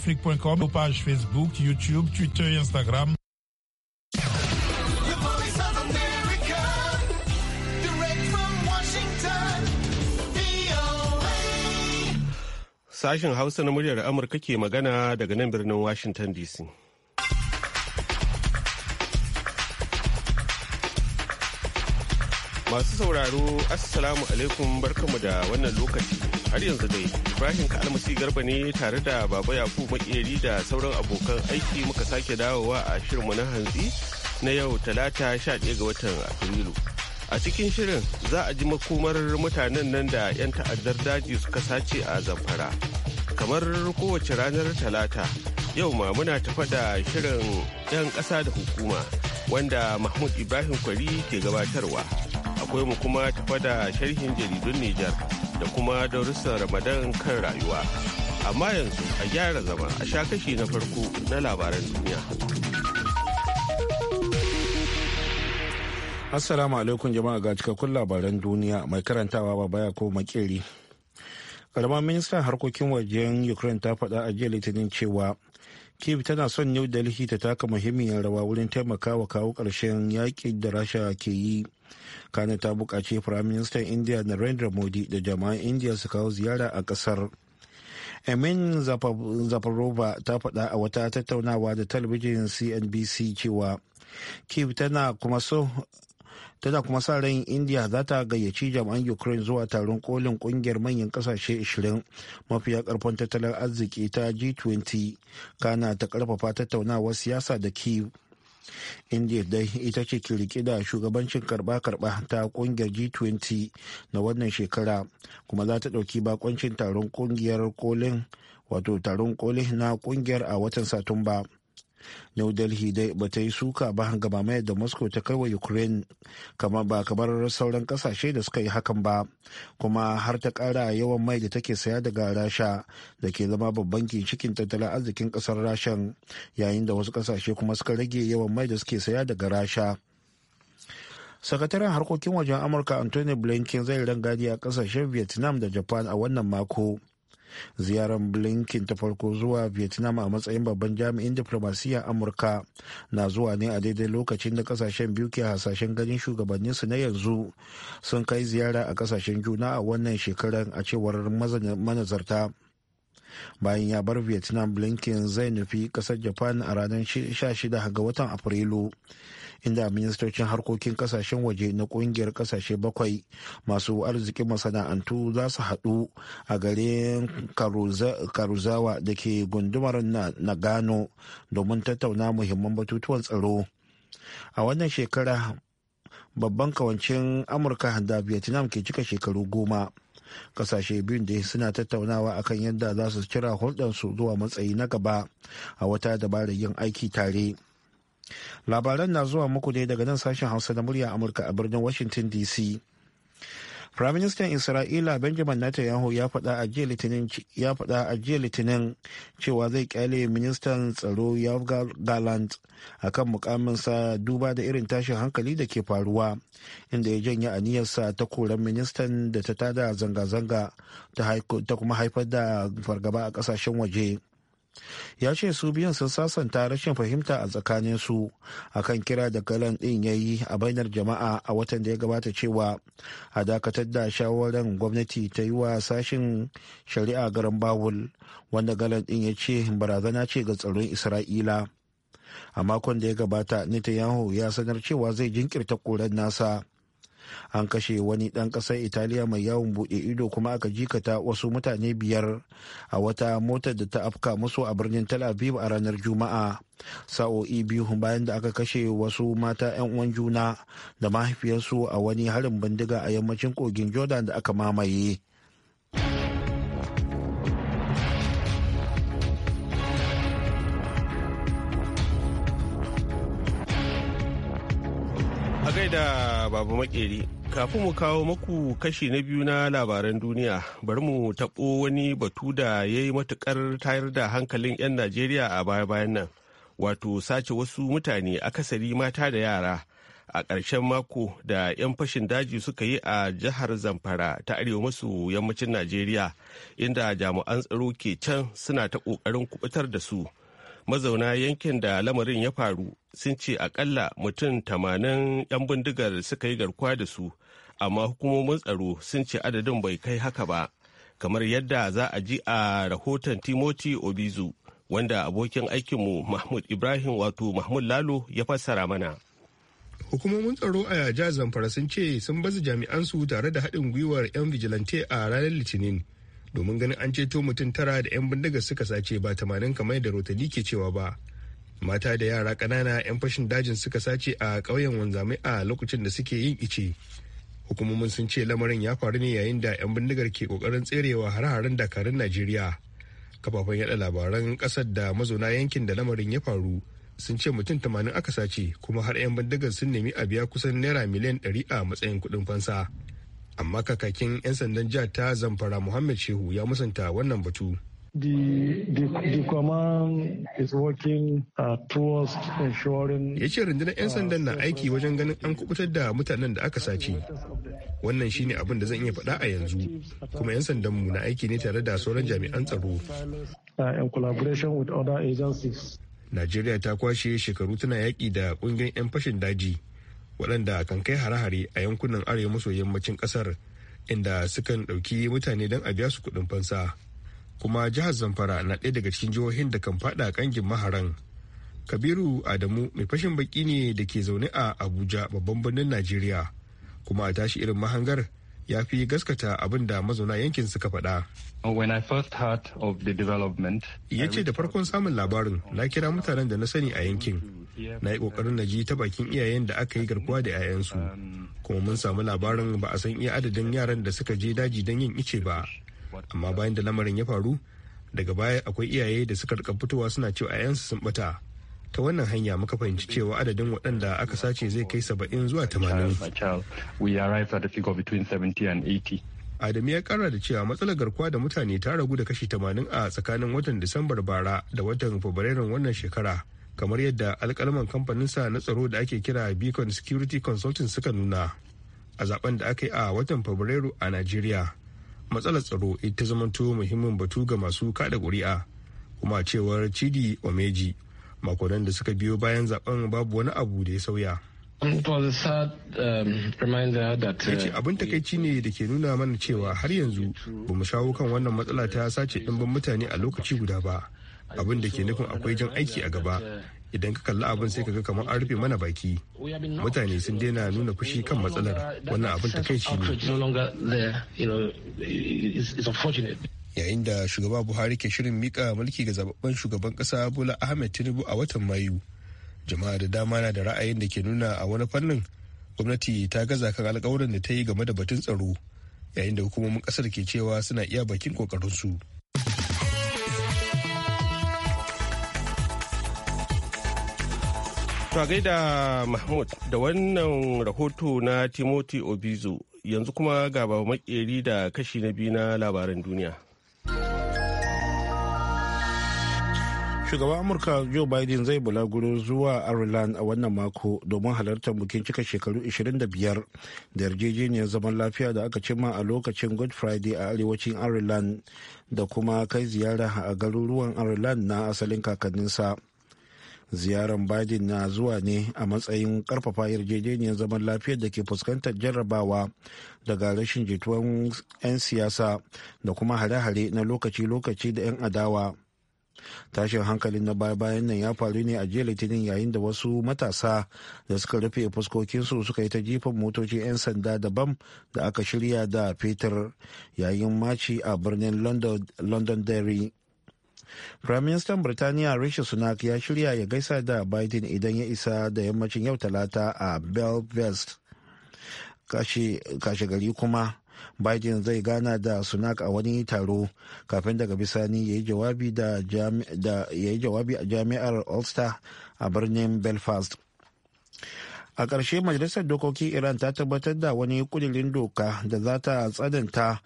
Afrique.com, pages Facebook, YouTube, Twitter et Instagram. Sashen Hausa na muryar Amurka ke magana daga nan birnin Washington DC. Masu sauraro, Assalamu alaikum barkamu da wannan lokaci. har yanzu dai Ibrahim Kalmasi Garba ne tare da Baba Yakubu Makeri da sauran abokan aiki muka sake dawowa a shirinmu na hantsi na yau talata sha 11 ga watan Afrilu. A cikin shirin za a ji makomar mutanen nan da 'yan ta'addar daji suka sace a zamfara. Kamar kowace ranar talata yau ma muna tafa da shirin 'yan ƙasa da hukuma wanda Mahmud Ibrahim Kwari ke gabatarwa. Akwai mu kuma tafa da sharhin jaridun Nijar. da kuma darussan Ramadan kan rayuwa. Amma yanzu a gyara zama a sha kashi na farko na labaran duniya. Assalamu alaikum jama'a ga cikakkun labaran duniya mai karantawa ba baya ko makeri. Karamar ministan harkokin wajen Ukraine ta faɗa a jiya litinin cewa Kiev tana son New Delhi ta taka muhimmiyar rawa wurin taimakawa kawo ƙarshen yaƙi da Rasha ke yi kana ta buƙaci firaministan india narendra modi da jama'an india su kawo ziyara a ƙasar emin zafarova ta faɗa a wata tattaunawa da talabijin cnbc cewa Kiv tana kuma so tana kuma sa ran india za ta gayyaci jami'an ukraine zuwa taron kolin kungiyar manyan kasashe 20 mafiya karfin tattalin arziki ta g20 kana ta karfafa tattaunawar siyasa da kiev india dai ita ce ke rike da shugabancin karba-karba ta kungiyar g20 na wannan shekara kuma za ta ɗauki bakoncin taron kungiyar kolin wato taron kolin na kungiyar a watan satumba New Delhi dai ba ta yi suka ba ga mamayar da Moscow ta kai wa Ukraine kamar ba kamar sauran kasashe da suka yi hakan ba kuma har ta kara yawan mai da take saya daga Rasha da ke zama babban ginshikin tattalin arzikin kasar rasha yayin da wasu kasashe kuma suka rage yawan mai da suke saya daga Rasha. sakataren harkokin wajen amurka anthony blinken zai rangadi a kasashen vietnam da japan a wannan mako ziyarar blinken ta farko zuwa vietnam a matsayin babban jami'in diplomasiya amurka na zuwa ne a daidai lokacin da kasashen biyu ke hasashen ganin shugabanninsu na yanzu sun kai ziyara a kasashen juna a wannan shekarar a cewar manazarta bayan ya bar vietnam blinken zai nufi kasar japan a ranar 16 ga watan afrilu inda ministocin harkokin kasashen waje na kungiyar kasashe bakwai masu arzikin masana'antu za su hadu a garin karuzawa da ke gundumar nagano domin tattauna muhimman batutuwan tsaro a wannan shekara babban kawancin amurka da vietnam ke cika shekaru goma kasashe biyun da suna tattaunawa akan yadda za su kira su zuwa matsayi na gaba a wata dabarar yin aiki tare labaran na zuwa muku ne daga nan sashen hausa na murya amurka a birnin washington dc Firaministan Isra'ila Benjamin Netanyahu ya faɗa a jiya Litinin ya faɗa a jiya Litinin cewa zai kyale ministan tsaro Yav Galant akan mukaminsa duba da irin tashin hankali da ke faruwa inda ya janye aniyarsa ta koran ministan da ta tada zanga-zanga ta kuma haifar da fargaba a kasashen waje. ya ce su biyan sun sasanta rashin fahimta a tsakanin su akan kira da galan din ya yi a bainar jama'a a watan da ya gabata cewa a dakatar da shawarar gwamnati ta yi wa sashen shari'a garin bawul wanda galan din ya ce barazana ce ga tsaron isra'ila a makon da ya gabata netanyahu ya sanar cewa zai jinkirta koren nasa an kashe wani ɗan ƙasar italiya mai yawon buɗe ido kuma aka jikata wasu mutane biyar a wata motar da ta afka musu a birnin tel aviv a ranar juma'a sa'o'i biyu bayan da aka kashe wasu mata 'yan uwan juna da mahaifiyarsu a wani harin bindiga a yammacin kogin jordan da aka mamaye. da babu makeri kafin mu kawo maku kashi na biyu na labaran duniya bari mu taɓo wani batu da ya yi matukar tayar da hankalin 'yan najeriya a baya-bayan nan wato sace wasu mutane akasari mata da yara a ƙarshen mako da 'yan fashin daji suka yi a jihar zamfara ta arewa masu yammacin najeriya inda jami'an tsaro ke can suna ta ƙoƙarin kubutar da su mazauna yankin da lamarin ya faru sun ce akalla mutum tamanin 'yan bindigar suka yi garkuwa da su amma hukumomin tsaro sun ce adadin bai kai haka ba kamar yadda za a ji a rahoton timoti obizu wanda abokin aikinmu mahmud ibrahim wato mahmud lalo ya fassara mana hukumomin tsaro a yaja zamfara sun ce sun baza jami'ansu tare da haɗin gwiwar 'yan vigilante a ranar litinin domin ganin an ceto mutum tara da 'yan bindigar suka sace ba tamanin kamar da rotani ke cewa ba mata da yara kanana 'yan fashin dajin suka sace a ƙauyen wanzamai a lokacin da suke yin ice hukumomin sun ce lamarin ya faru ne yayin da 'yan bindigar ke kokarin tserewa har haren dakarun najeriya kafafen yada labaran kasar da mazauna yankin da lamarin ya faru sun ce mutum tamanin aka sace kuma har 'yan bindigar sun nemi a biya kusan naira miliyan 100 a matsayin kuɗin fansa amma kakakin 'yan sandan jihar ta zamfara muhammad shehu ya musanta wannan batu The, the, the command is working uh, Ya ce rundunar 'yan sandan na uh, aiki wajen ganin an kubutar da mutanen da aka sace. Wannan shine abin da zan iya faɗa a yanzu. Kuma 'yan sandanmu na aiki ne tare da sauran jami'an tsaro. Uh, in with other agencies. Najeriya ta kwashe shekaru tana yaƙi da ƙungiyar 'yan fashin daji. waɗanda kan kai hare-hare a yankunan arewa maso yammacin ƙasar inda sukan ɗauki mutane don a biya su kuɗin fansa kuma jihar zamfara na ɗaya daga cikin jihohin da kan faɗa ƙangin maharan kabiru adamu mai fashin baƙi ne da ke zaune a abuja babban birnin najeriya kuma a tashi irin mahangar ya fi gaskata abin da mazauna yankin suka faɗa. Oh, ya ce da farkon samun labarin na kira mutanen da na sani a yankin na yi kokarin na ji ta bakin iyayen da aka yi garkuwa da 'ya'yansu kuma mun samu labarin ba a san iya adadin yaran da suka je daji don yin ice ba amma bayan da lamarin ya faru daga baya akwai iyaye da suka rika fitowa suna cewa 'ya'yansu sun bata ta wannan hanya muka fahimci cewa adadin waɗanda aka sace zai kai saba'in zuwa tamanin. Adamu ya kara da cewa matsalar garkuwa da mutane ta ragu da kashi tamanin a tsakanin watan Disambar bara da watan Fabrairun wannan shekara. kamar yadda alkalman sa na tsaro da ake kira beacon security consulting suka nuna a zaben da aka yi a watan fabrairu a najeriya matsalar tsaro ita zamanto muhimmin batu ga masu kada ƙuri'a kuma cewar chidi omeji makonan da suka biyo bayan zaben babu wani abu da ya sauya um, um, uh, yace abin takaici ne da ke nuna mana cewa har yanzu ba mu shawo kan wannan matsala ta sace ɗimbin mutane a lokaci guda ba abin da ke nufin akwai jan aiki a gaba idan ka kalli abin sai ka ga kamar an rufe mana baki mutane sun daina nuna fushi kan matsalar wannan abin ta kai shi ne yayin da shugaba buhari ke shirin mika mulki ga zababban shugaban kasa bola ahmed tinubu a watan mayu jama'a da dama na da ra'ayin da ke nuna a wani fannin gwamnati ta gaza kan alkawarin da ta yi game da batun tsaro yayin da hukumomin kasar ke cewa suna iya bakin kokarinsu. su To gaida Mahmud da wannan rahoto na Timothy Obizo yanzu kuma ga ba makeri da kashi na biyu na labaran duniya. Shugaban Amurka Joe Biden zai bulaguro zuwa Ireland a wannan mako domin halartar bukin cika shekaru 25 da yarjejeniyar zaman lafiya da aka cimma a lokacin Good Friday a arewacin Ireland da kuma kai ziyara a garuruwan Ireland na asalin kakanninsa. ziyarar biden na zuwa ne a matsayin karfafa yarjejeniyar zaman lafiyar da ke fuskantar jarrabawa daga rashin jituwan 'yan siyasa da kuma hare-hare na lokaci-lokaci da 'yan adawa tashin hankalin na baya-bayan nan ya faru ne a jiya litinin yayin da wasu matasa da suka rufe fuskokinsu suka yi ta jifan motoci 'yan sanda daban da aka shirya da fetur yayin maci a birnin london derry Firaministan Birtaniya Rishi Sunak ya shirya ya gaisa da Biden idan ya isa da yammacin yau talata a Belfast. Kashe gari kuma Biden zai gana da Sunak a wani taro kafin daga bisani ya yi jawabi a jami'ar Ulster a birnin Belfast. a ƙarshe majalisar dokokin iran ta tabbatar da wani kudirin doka da za ta tsananta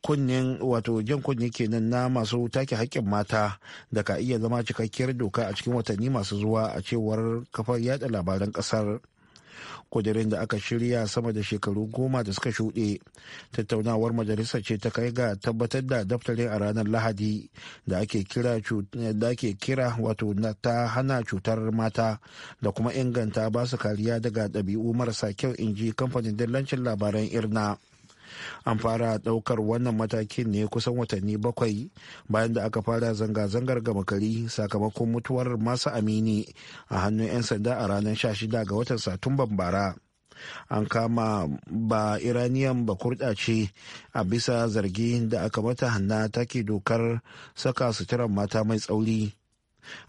kunnen wato jan kunne kenan na masu take haƙƙin mata da ka iya zama cikakkiyar doka a cikin watanni masu zuwa a cewar kafar yada labaran ƙasar kudirin da aka shirya sama da shekaru goma da suka shuɗe tattaunawar majalisa ce ta kai ga tabbatar da daftarin a ranar lahadi da ake kira wato ta hana cutar mata da kuma inganta ba su kariya daga ɗabi'u marasa kyau in ji kamfanin dillancin labaran irna an fara daukar wannan matakin ne kusan watanni bakwai bayan da aka fara zanga-zangar gama kari sakamakon mutuwar masu amini a hannun 'yan sanda a ranar 16 ga watan satumban bara an kama ba iraniyan ba ce a bisa zargi da aka mata hanna take dokar saka suturar mata mai tsauri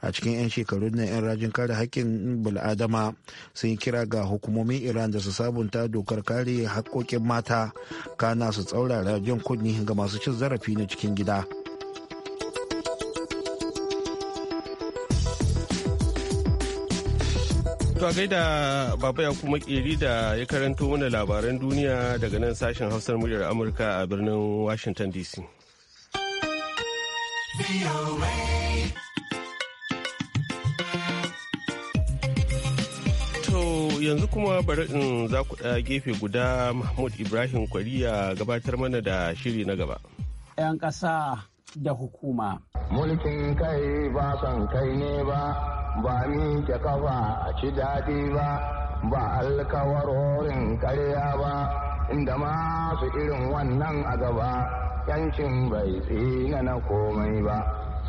a cikin 'yan shekarun na 'yan rajin kare haƙƙin bil'adama sun yi kira ga hukumomin iran da su sabunta dokar kare haƙƙoƙin mata kana su tsaurara jin kunni ga masu cin zarafi na cikin gida To gaida baba ya kuma keri da ya karanto mana labaran duniya daga nan sashen hausar muryar amurka a birnin washington dc. yanzu kuma bari in za ku ɗaya gefe guda Mahmud Ibrahim Kwariya gabatar mana da shiri na gaba. 'Yan ƙasa da hukuma. Mulkin kai ba son kai ne ba, ba ni ke kafa a ci daɗi ba, ba alkawarorin karya ba, inda masu irin wannan a gaba, yancin bai tsina na komai ba,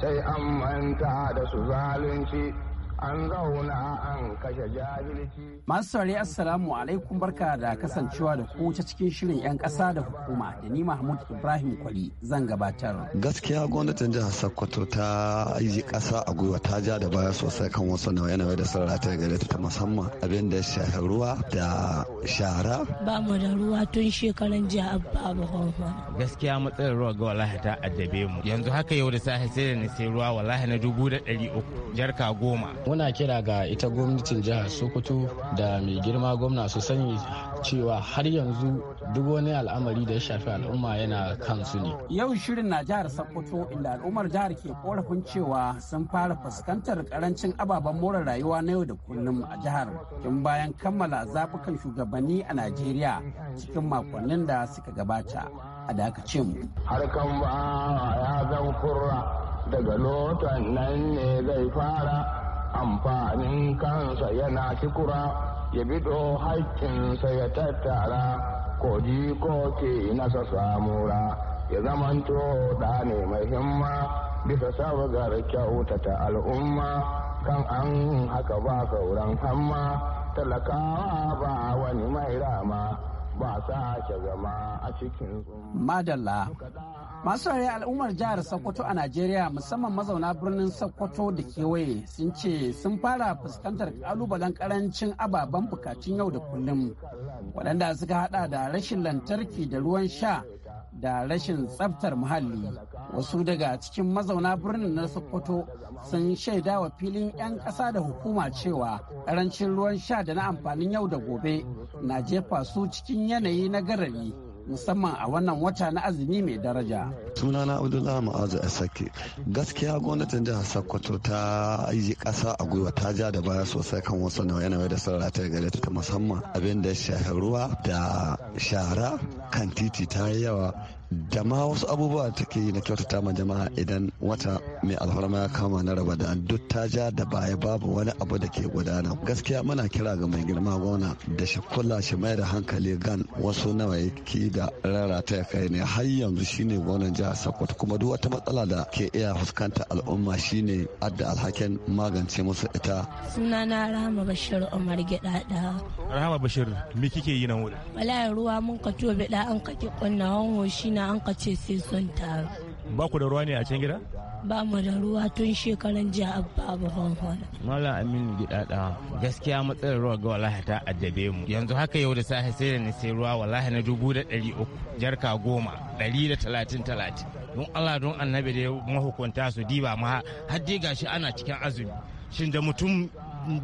sai an manta da su zalunci. an zauna an kashe jahilci. Masu saurari Assalamu alaikum barka da kasancewa da ku ta cikin shirin 'yan ƙasa da hukuma da ni Mahmud Ibrahim Kwali zan gabatar. Gaskiya gwamnatin jihar Sokoto ta yi ƙasa a gwiwa ta ja da baya sosai kan wasu nauye-nauye da sarara ta gare ta musamman abin da shafi ruwa da shara. Ba mu da ruwa tun shekaran jiya abba Gaskiya matsalar ruwa ga wallahi ta addabe mu. Yanzu haka yau da sahi sai da na sai ruwa wallahi na dubu da ɗari uku jarka goma. muna kira ga ita gwamnatin jihar sokoto da mai girma gwamna su sani cewa har yanzu duk wani al'amari da ya shafi al'umma yana kansu ne yau shirin na jihar sokoto inda al'ummar jihar ke korafin cewa sun fara fuskantar karancin ababen more rayuwa na yau da kullum a jihar tun bayan kammala zabukan shugabanni a najeriya cikin makonnin da suka gabata a dakace mu harkan ba ya zan kurra daga lotan nan ne zai fara amfanin kansa yana kikura ya bido haƙƙinsa ya tattara ko ko ke nasa samura ya zamanto da ne mai himma bisa sabgar kyautata al'umma kan an haka ba sauran hamma talakawa ba wani mai rama ba sa ke zama a cikin madalla Masu rare al'ummar jihar Sokoto a Najeriya musamman mazauna birnin Sokoto da kewaye sun ce sun fara fuskantar kalubalen karancin ababen bukatun yau da kullum waɗanda suka hada da rashin lantarki da ruwan sha da rashin tsabtar muhalli. Wasu daga cikin mazauna birnin na Sokoto sun shaida wa filin 'yan ƙasa da hukuma cewa karancin ruwan sha da na amfanin yau da gobe na jefa su cikin yanayi na garari musamman a wannan wata na azumi mai daraja. sunana abdullahi ma'azu a sake gaskiya gwamnatin jihar sokoto ta yi kasa a gwiwa ta ja da baya sosai kan wasu na nauye da sarara ta gare ta musamman abin da shahararwa da shara kan titi ta yawa Dama wasu abubuwa take yi na kyautata ma jama'a idan wata mai alfarma ya kama na raba da duk ta ja da baya babu wani abu da ke gudana gaskiya muna kira ga mai girma gwamna da shi kula shi mai da hankali gan wasu nawa da rarata ya kai ne har yanzu shine gwamnan jihar sokoto kuma duk wata matsala da ke iya fuskanta al'umma shine adda alhakin magance musu ita sunana rahama bashir umar gidada rahama bashir me kike yi nan wuri wallahi ruwa mun ka tobe da an kake kunna hanwo shi na An an ce sai sun taru. Ba ku da ruwa ne a can gida? Ba mu da ruwa tun shekaran jiya a babu fanfon. Mala Aminu Gidada gaskiya matsalar ruwa ga wallahi ta addabe mu. Yanzu haka yau da sahi sai da ni sai ruwa wallahi na dubu da ɗari uku jarka goma ɗari da talatin talatin. Don Allah don annabi da mahukunta su diba ma har dai gashi ana cikin azumi. Shin da mutum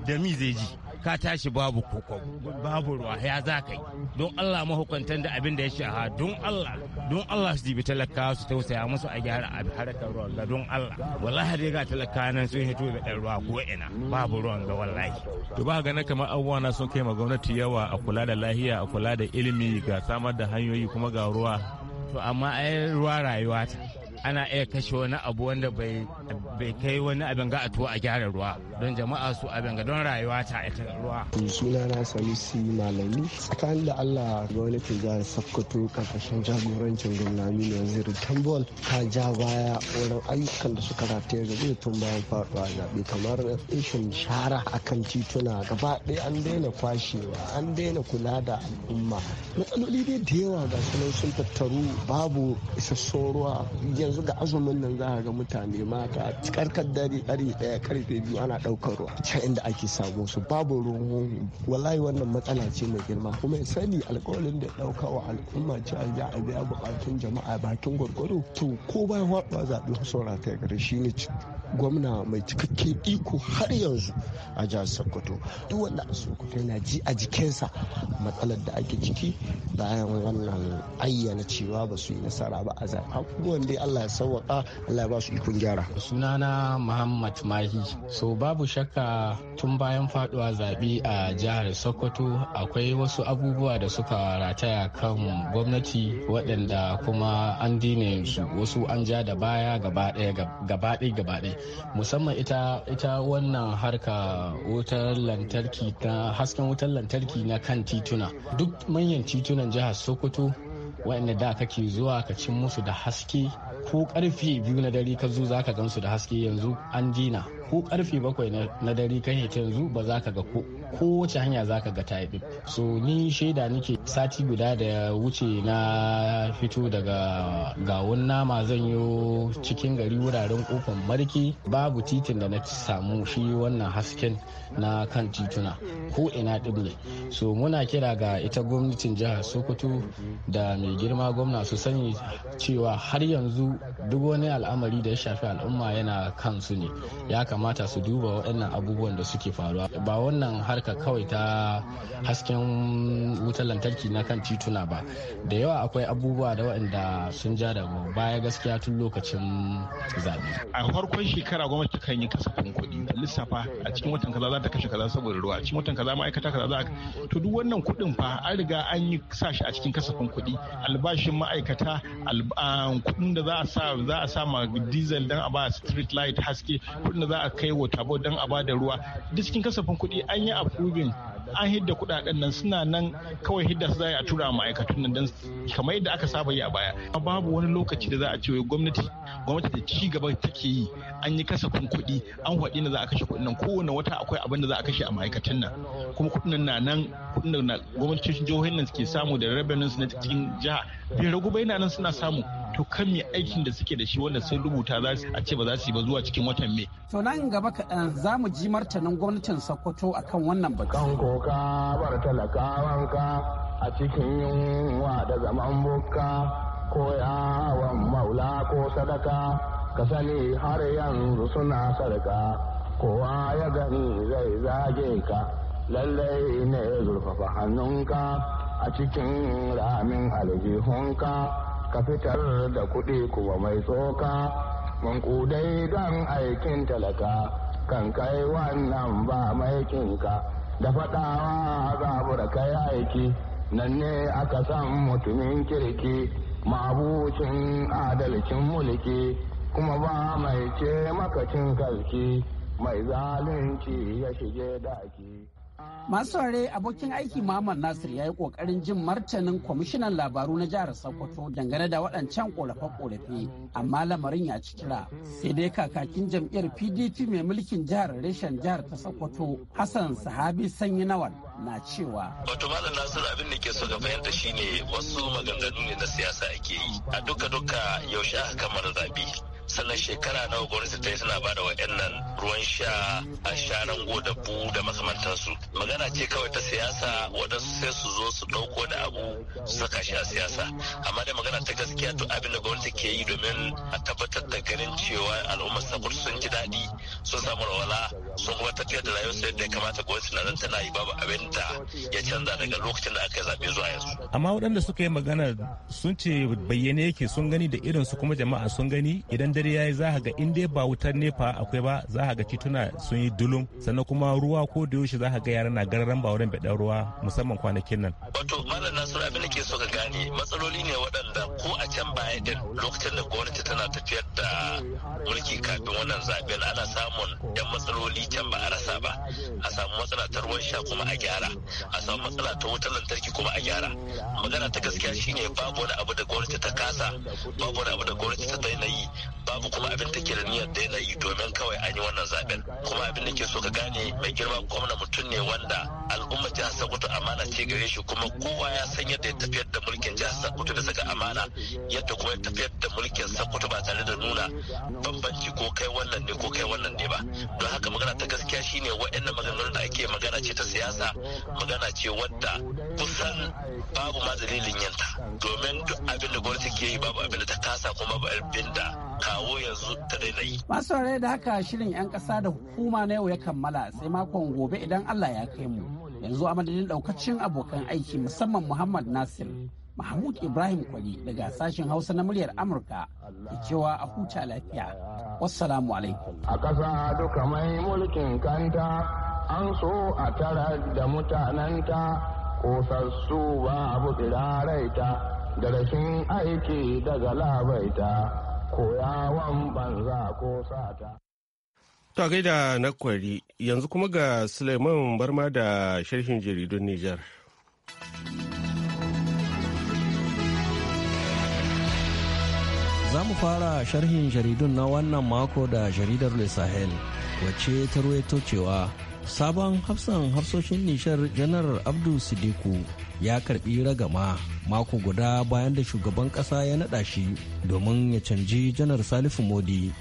da mi zai ji? ka tashi babu koko babu ruwa ya za ka yi don Allah mahukuntan da abin da ya shaha don Allah don Allah su jibi talakawa su tausaya musu a gyara a harkar ruwan ga don Allah wallahi dai ga talakawa nan sun hito da ɗan ruwa ko ina babu ruwan ga wallahi to ba ga na kamar abubuwa na sun kai ma gwamnati yawa a kula da lahiya a kula da ilimi ga samar da hanyoyi kuma ga ruwa to amma ai ruwa rayuwa ta ana iya kashe wani abu wanda bai kai wani abin ga a tuwo a gyara ruwa don jama'a su abin ga don rayuwa ta ita ruwa. suna na sanusi malami tsakanin da allah gwamnatin jihar sokoto karkashin jagorancin gwamnati na wazir tambol ta ja baya wurin ayyukan da suka rataya ga zai tun bayan faɗuwa zaɓe kamar rashin shara akan tituna gaba ɗaya an daina kwashewa an daina kula da al'umma matsaloli dai da yawa ga sunan sun tattaru babu isassun ruwa yanzu ga azumin nan za a ga mutane mata karkar dare ɗari ɗaya karfe biyu ana ɗaukar ruwa can inda ake samu su babu ruwan wallahi wannan matsala ce mai girma kuma ya sani alkawalin da ɗauka wa al'umma ce za a biya bukatun jama'a bakin gwargwado to ko bayan faɗuwa zaɓe saura ta gare shi ne gwamna mai cikakken iko har yanzu a jihar sokoto duk wanda a sokoto yana ji a jikinsa matsalar da ake ciki bayan wannan ayyana cewa ba su yi nasara ba a zai abubuwan dai allah ya sauwaka allah ya ba su ikon gyara sunana muhammad mahi so babu shakka tun bayan faduwa zaɓe a jihar sokoto akwai wasu abubuwa da suka rataya kan gwamnati waɗanda kuma an dine su wasu an ja da baya gabaɗaya gabaɗaya musamman ita wannan harka wutar lantarki ta hasken wutar lantarki na kan tituna duk manyan titunan jihar sokoto waɗanda da kake zuwa ka cin musu da haske ko karfe biyu na dare ka zo za ka gansu da haske yanzu an dina ko karfe bakwai na dare kan ya yanzu ba za ka ga kowace hanya za ka ga ta yi so ni shaida nake sati guda da wuce na fito daga gawun nama zan yi cikin gari wuraren kofan marki babu titin da na samu shi wannan hasken na kan tituna ko ina ne. so muna kira ga ita gwamnatin jihar sokoto da mai girma gwamna su sani cewa har yanzu duk wani al'amari da ya shafi al'umma yana kansu ne ya kamata kamata su duba waɗannan abubuwan da suke faruwa ba wannan harka kawai ta hasken wutar lantarki na kan tituna ba da yawa akwai abubuwa da waɗanda sun ja da baya gaskiya tun lokacin zaɓe. a farkon shekara gwamnati kan yi kasafin kuɗi lissafa a cikin watan kaza za ta kashe kaza saboda ruwa a cikin watan kaza ma'aikata kaza za to duk wannan kuɗin fa an riga an yi sa shi a cikin kasafin kuɗi albashin ma'aikata kuɗin da za a sa za a sa ma diesel dan a ba street light haske kuɗin da za a Akai kai wa tabo don a bada ruwa duk cikin kasafin kuɗi an yi approving an hidda kuɗaɗen nan suna nan kawai hidda su za a tura ma'aikatun nan don kamar yadda aka saba yi a baya babu wani lokaci da za a ce gwamnati gwamnati da ci gaba take yi an yi kasafin kuɗi an waɗi na za a kashe kuɗin nan kowane wata akwai abin da za a kashe a ma'aikatan nan kuma kuɗin nan na nan kuɗin nan gwamnatocin jihohin nan suke samu da revenues na cikin jiha bai ragu bai nan suna samu to kan me aikin da suke da shi wanda sun rubuta za a ce ba za su yi ba zuwa cikin watan mai. to nan gaba kaɗan za mu ji martanin gwamnatin sokoto kan wannan batu. kan koka bar talakawanka a cikin yunwa da zaman bukka ko yawon maula ko sadaka ka sani har yanzu suna sarka kowa ya gani zai zage ka lallai ne zurfafa hannunka a cikin ramin aljihunka ka fitar da kuɗi kuwa mai tsoka mankudai don aikin talaka kan kai wannan ba maikinka da faɗawa zabura kai aiki nan ne aka san mutumin kirki mabucin adalcin mulki kuma ba mai ce makacin kalki mai zalunci ya shige daki. Masu ware abokin aiki Muhammad Nasir ya yi kokarin jin martanin kwamishinan labaru na jihar Sokoto dangane da waɗancan korafe-korafe amma lamarin ya ci kira. Sai dai kakakin jam'iyyar PDP mai mulkin jihar reshen jihar ta Sokoto Hassan Sahabi Sanyi Nawal na cewa. Wato Malam Nasir abin da ke so ga fahimta shine wasu maganganu ne na siyasa ake yi a duka-duka yaushe aka kammala zabi sannan shekara nawa gwamnati ta yi tana ba da nan ruwan sha a sharan godabu da makamantansu magana ce kawai ta siyasa waɗansu sai su zo su dauko da abu su saka shi a siyasa amma da magana ta gaskiya to abin da gwamnati ke yi domin a tabbatar da ganin cewa al'ummar sakur sun ji daɗi sun samu rawala sun kuma tafiyar da rayuwarsu yadda ya kamata gwamnati na nan tana yi babu abin da ya canza daga lokacin da aka zaɓe zuwa yanzu. amma waɗanda suka yi magana sun ce bayyane yake sun gani da irinsu kuma jama'a sun gani idan dare yi za ga in dai ba wutar nefa akwai ba za ga tituna sun yi dulum sannan kuma ruwa ko da yaushe za ga yara na gararan ba wurin bada ruwa musamman kwanakin nan wato malam nasiru abin da ke so ka gane matsaloli ne waɗanda ko a can baya din lokacin da gwamnati tana tafiyar da mulki kafin wannan zaben ana samun yan matsaloli can ba a rasa ba a samu matsala ta ruwan sha kuma a gyara a samu matsala ta wutar lantarki kuma a gyara magana ta gaskiya shine babu wani abu da gwamnati ta kasa babu wani abu da gwamnati ta daina yi babu kuma abin ke da niyyar daina yi domin kawai an yi wannan zaben kuma abin da ke so ka gane mai girma gwamna mutum ne wanda al'umma jihar Sokoto amana ce gare shi kuma kowa ya san yadda ya tafiyar da mulkin jihar Sokoto da saka amana yadda kuma ya tafiyar da mulkin Sokoto ba tare da nuna bambanci ko kai wannan ne ko kai wannan ne ba don haka magana ta gaskiya shi ne waɗannan maganganun da ake magana ce ta siyasa magana ce wadda kusan babu ma dalilin yanta daidai. Masu da haka shirin 'yan ƙasa da hukuma na yau ya kammala sai makon gobe idan Allah ya kai mu. Yanzu a madadin ɗaukacin abokan aiki musamman Muhammad Nasir. Mahmud Ibrahim Kwali daga sashen Hausa na muryar Amurka da cewa a huta lafiya. Wassalamu alaikum. A ƙasa duka mai mulkin kanta an so a tara da mutananta kosassu ba abu tsiraraita da rashin aiki daga labaita. wan banza ko sata. To gaida na kwari yanzu kuma ga Suleiman Barma da sharhin jaridun Nijar. Za mu fara sharhin jaridun na wannan mako da jaridar Le Sahel wacce ta ruwaito cewa sabon hafsan hafsoshin nishar janar abdu sidiku ya karbi ragama mako guda bayan da shugaban kasa ya nada shi domin ya canji janar salifu modi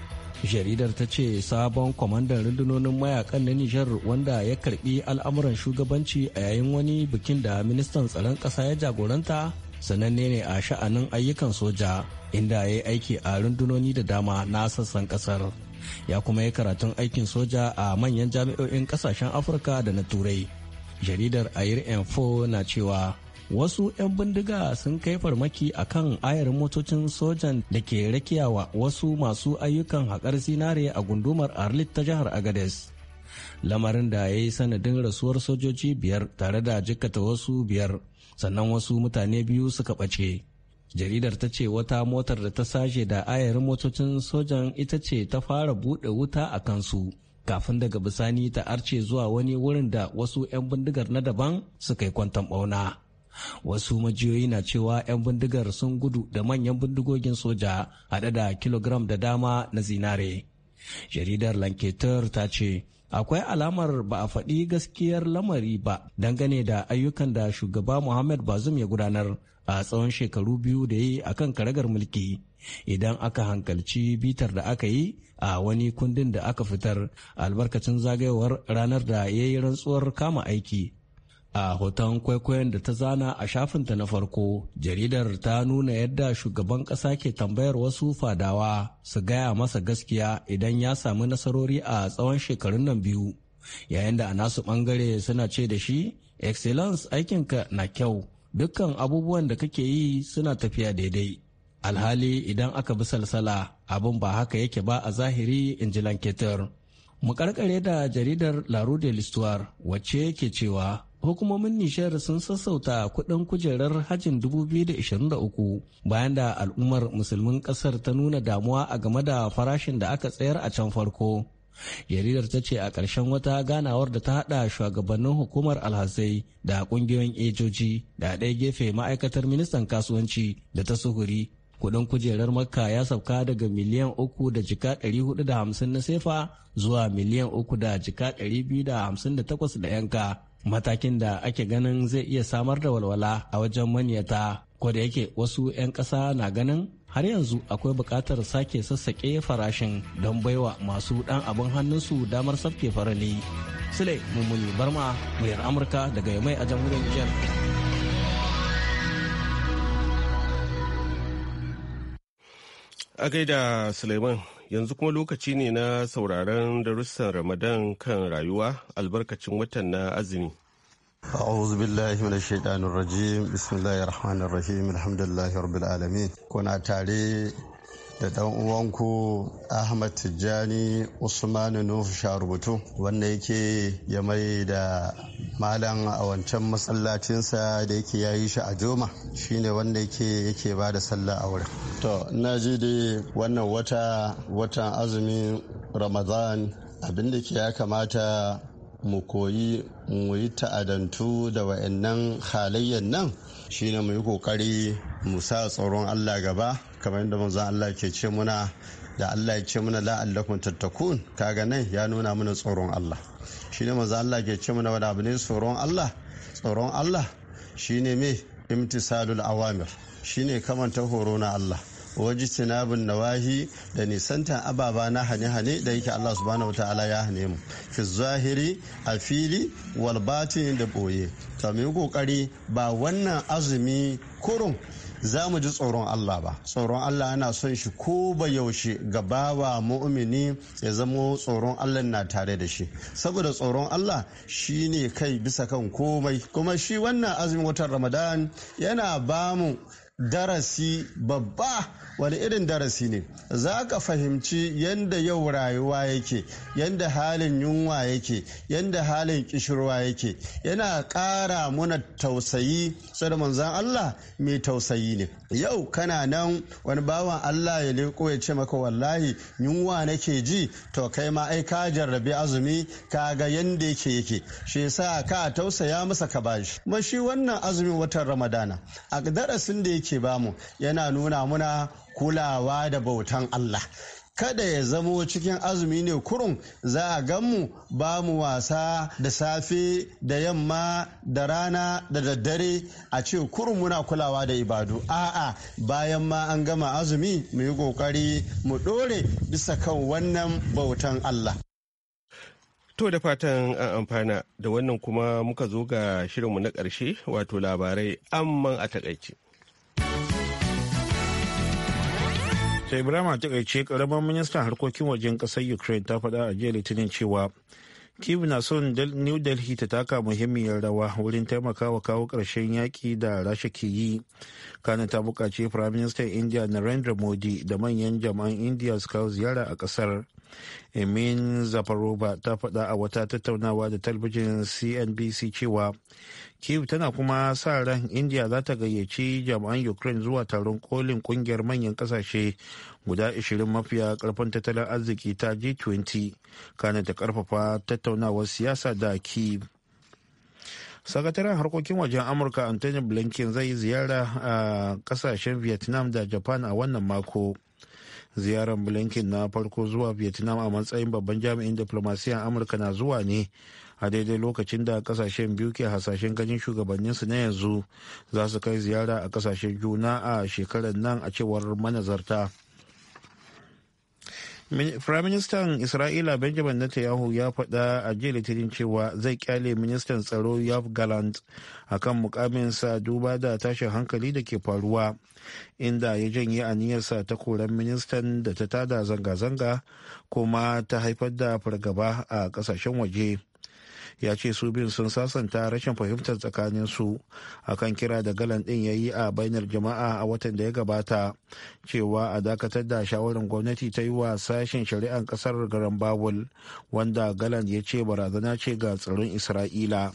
jaridar ta ce sabon kwamandan rundunonin mayakan na nijar wanda ya karbi al'amuran shugabanci a yayin wani bikin da ministan tsaron ƙasa ya jagoranta sananne ne a sha'anin ayyukan soja inda ya yi aiki a rundunoni da dama na sassan ƙasar ya kuma yi karatun aikin soja a manyan jami'o'in kasashen afirka da na turai jaridar air info na cewa wasu 'yan bindiga sun kai farmaki a kan ayar motocin sojan da ke rakiyawa wasu masu ayyukan haƙar zinare a gundumar arlit ta jihar agades lamarin da ya yi sanadin rasuwar sojoji biyar tare da jikkata wasu biyar sannan wasu mutane biyu suka ɓace jaridar ta ce wata motar da ta sashe da ayarin motocin sojan ita ce ta fara buɗe wuta a kansu kafin daga bisani ta arce zuwa wani wurin da wasu 'yan bindigar na daban suka yi kwantan ɓauna wasu majiyoyi na cewa 'yan bindigar sun gudu da manyan bindigogin soja haɗe da kilogram da dama na zinare jaridar lanketer ta ce akwai alamar ba a faɗi gaskiyar lamari ba dangane da ayyukan da shugaba muhammad bazum ya gudanar a tsawon shekaru biyu da yi a kan karagar mulki idan aka hankalci bitar da aka yi a wani kundin da aka fitar albarkacin zagayowar ranar da ya yi rantsuwar kama aiki a hoton kwaikwayon da ta zana a shafinta na farko jaridar ta nuna yadda shugaban ƙasa ke tambayar wasu fadawa su gaya masa gaskiya idan ya samu nasarori a tsawon shekarun nan biyu yayin da a nasu ɓangare suna ce da shi excellence aikinka na kyau dukkan abubuwan da kake yi suna tafiya daidai alhali idan aka bi salsala abin ba haka yake ba a zahiri in ji lanketer mu karkare da jaridar laru de l'histoire wacce yake cewa hukumomin nishar sun sassauta kudin kujerar hajjin 2023 bayan da al'ummar musulmin kasar ta nuna damuwa a game da farashin da aka tsayar a can farko jaridar ta ce a ƙarshen wata ganawar da ta haɗa shugabannin hukumar alhazai da ƙungiyoyin ejoji da ɗaya gefe ma'aikatar ministan kasuwanci da ta suhuri kudin kujerar makka ya sauka daga miliyan uku da jika da hamsin na sefa zuwa miliyan uku da jika biyu da hamsin da da takwas yanka matakin da ake ganin zai iya samar da walwala a wajen manyata ko da yake wasu 'yan ƙasa na ganin har yanzu akwai buƙatar sake sassaƙe farashin don baiwa masu ɗan abin hannunsu damar sabke farali. Sule Mummuni Barma, muryar Amurka daga Yamai a jamhuriyar Nijar. A gaida Suleiman, yanzu kuma lokaci ne na sauraron darussan Ramadan kan rayuwa albarkacin watan na azumi. أعوذ بالله من الشيطان الرجيم بسم الله الرحمن الرحيم الحمد لله رب العالمين كنا تاري da ɗan uwanku ahmad tijjani usman nuf sharubutu wanda yake ya mai da malam a wancan masallacinsa da yake ya yi shi a joma shine wanda yake yake ba da sallah a wurin to ina ji da wannan wata watan azumin ramadan abin da ke ya kamata mu koyi mu yi ta'adantu da wa'annan halayyar nan shi ne mu yi kokari mu sa tsoron Allah gaba kamar yadda manzon Allah ke ce muna da Allah ya ce muna la'allakun tattakun kaga nan ya nuna mana tsoron Allah Shi ne manzon Allah ke ce muna wani abu ne tsoron Allah tsoron Allah shi ne me imtisalul awamir Shi shine kamanta horo na Allah waji sinabin nawahi da nisantan ababa na hane-hane da yake Allah subhanahu wata'ala ya hane mu fi zahiri a fili walbatin da boye ta mu kokari ba wannan azumi kurum za mu ji tsoron Allah ba tsoron Allah yana son shi ko ba yaushe ga bawa mu'mini ya zamo tsoron Allah na tare da shi saboda tsoron Allah shi ne kai bisa kan komai kuma shi wannan azumin watan Ramadan yana ba mu darasi babba wani irin darasi ne za ka fahimci yadda yau rayuwa yake yadda halin yunwa yake yadda halin kishirwa yake yana ƙara muna tausayi sai manzan Allah mai tausayi ne yau kana nan wani bawan Allah ya leko ya ce maka wallahi yunwa nake ji to kai ma ai ka jarrabi azumi ka ga yadda yake yake shi yasa ka tausaya masa ka bashi kuma shi wannan azumin watan ramadana a darasin da yake bamu yana nuna muna kulawa da bautan Allah. kada ya zamo cikin azumi ne kurun za a ganmu ba mu wasa da safe da yamma da rana da daddare a ce kurun muna kulawa da ibadu a'a bayan ma an gama azumi mu yi kokari mu dore bisa kan wannan bautan Allah To da fatan an amfana da wannan kuma muka zo ga shirinmu na ƙarshe wato labarai amman a takaice. ta ibrahim ta takaice karamar ministan harkokin wajen kasar ukraine ta faɗa a jiya litinin cewa kiv na son new delhi ta taka muhimmiyar rawa wurin taimakawa kawo ƙarshen yaƙi da rasha ke yi kana ta buƙaci prime minister india narendra modi da manyan jama'an india su kawo ziyara a ƙasar emin zafarova ta faɗa a wata tattaunawa da talbijin cnbc cewa kiev tana kuma sa ran india za ta gayyaci jami'an ukraine zuwa taron kolin kungiyar manyan kasashe guda 20 mafiya karfin tattalin arziki ta g20 kana da karfafa tattaunawar siyasa da kiev sakataren harkokin wajen amurka antony blinken zai ziyara a kasashen vietnam da japan a wannan mako ziyarar blinken na farko zuwa vietnam a matsayin babban jami'in diplomasiyan amurka na zuwa ne a daidai lokacin da kasashen biyu ke hasashen ganin shugabanninsu na yanzu za su kai ziyara a kasashen juna a shekarar nan a cewar manazarta. Firaministan Isra'ila Benjamin Netanyahu ya faɗa a jiya litinin cewa zai kyale ministan tsaro Yav Galant a kan mukaminsa duba da tashin hankali da ke faruwa, inda ya janye aniyarsa ta koren ministan da ta tada zanga-zanga kuma ta haifar da fargaba a ƙasashen waje. ya ce su biyun sun sasanta rashin fahimtar tsakanin su akan kira da galan din ya yi a bainar jama'a a watan da ya gabata cewa a dakatar da shawarar gwamnati ta yi wa sashen shari'ar kasar garan babul wanda galan ya ce barazana ce ga tsaron isra'ila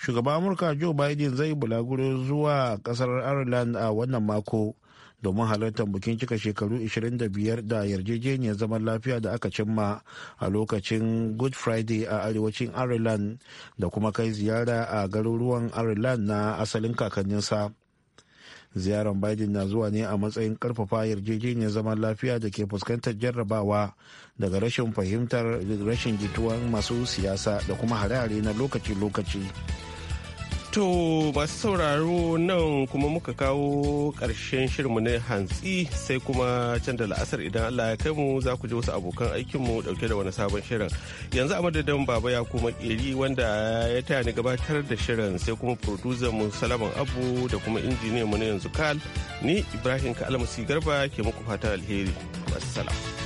shugaban amurka joe biden zai bulaguro zuwa kasar ireland a wannan mako domin halartar bikin cika shekaru 25 da yarjejeniyar zaman lafiya da aka cimma a lokacin good friday a arewacin ireland da kuma kai ziyara a garuruwan ireland na asalin kakanninsa ziyaran biden na zuwa ne a matsayin karfafa yarjejeniyar zaman lafiya da ke fuskantar jarrabawa daga rashin fahimtar rashin jituwan masu siyasa da kuma hare-hare na lokaci-lokaci. lokaci lokaci To masu sauraro nan kuma muka kawo ƙarshen shirinmu na hantsi sai kuma can da la'asar idan Allah ya kai mu za ku ji wasu abokan aikinmu ɗauke da wani sabon shirin. Yanzu a madadin baba ya kuma ƙeri wanda ya taya ni gabatar da shirin sai kuma producer mu Salaman Abu da kuma injiniyan mu na yanzu Kal ni Ibrahim Ka'almasi Garba ke muku fatan alheri. Wassalam.